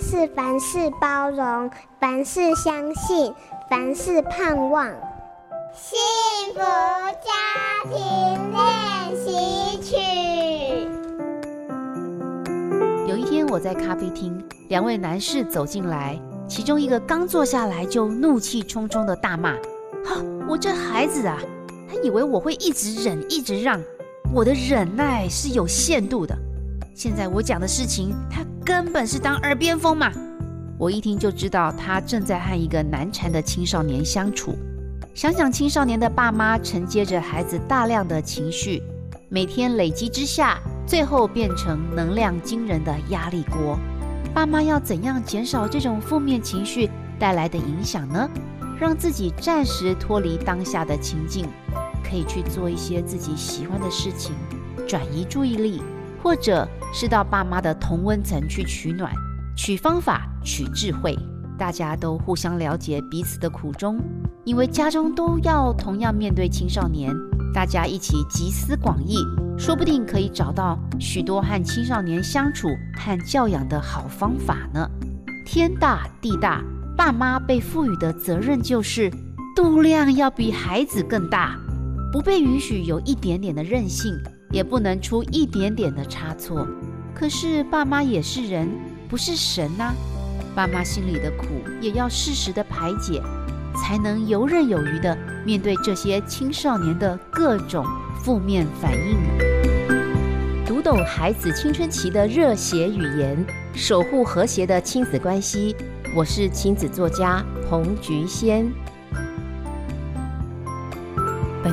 是凡事包容，凡事相信，凡事盼望。幸福家庭練習曲。有一天我在咖啡廳，兩位男士走進來，其中一個剛坐下來就怒氣沖沖的大罵：“哈，我這孩子啊，他以為我會一直忍，一直讓，我的忍耐是有限度的。”現在我講的事情，他根本是當耳邊風嘛。我一聽就知道，他正在和一個難纏的青少年相處。想想青少年的爸媽承接着孩子大量的情緒，每天累積之下，最後變成能量驚人的壓力鍋。爸媽要怎樣減少這種負面情緒帶來的影響呢？讓自己暫時脫離當下的情境，可以去做一些自己喜歡的事情，轉移注意力，或者……是到爸媽的同溫層去取暖，取方法，取智慧，大家都互相了解彼此的苦衷，因為家中都要同樣面對青少年，大家一起集思廣益，說不定可以找到許多和青少年相處和教養的好方法呢。天大地大，爸媽被賦予的責任就是度量要比孩子更大，不被允許有一點點的任性。也不能出一點點的差錯。可是爸媽也是人，不是神吶、啊。爸媽心裡的苦也要適時的排解，才能游刃有餘地面對這些青少年的各種負面反應。讀懂孩子青春期的熱血語言，守護和諧的親子關係。我是親子作家彭菊仙。